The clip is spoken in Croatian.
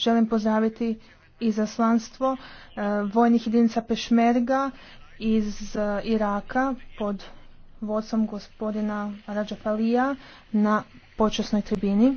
Želim pozdraviti izaslanstvo e, vojnih jedinica Pešmerga iz e, Iraka pod vodstvom gospodina Rađafalija na počasnoj tribini.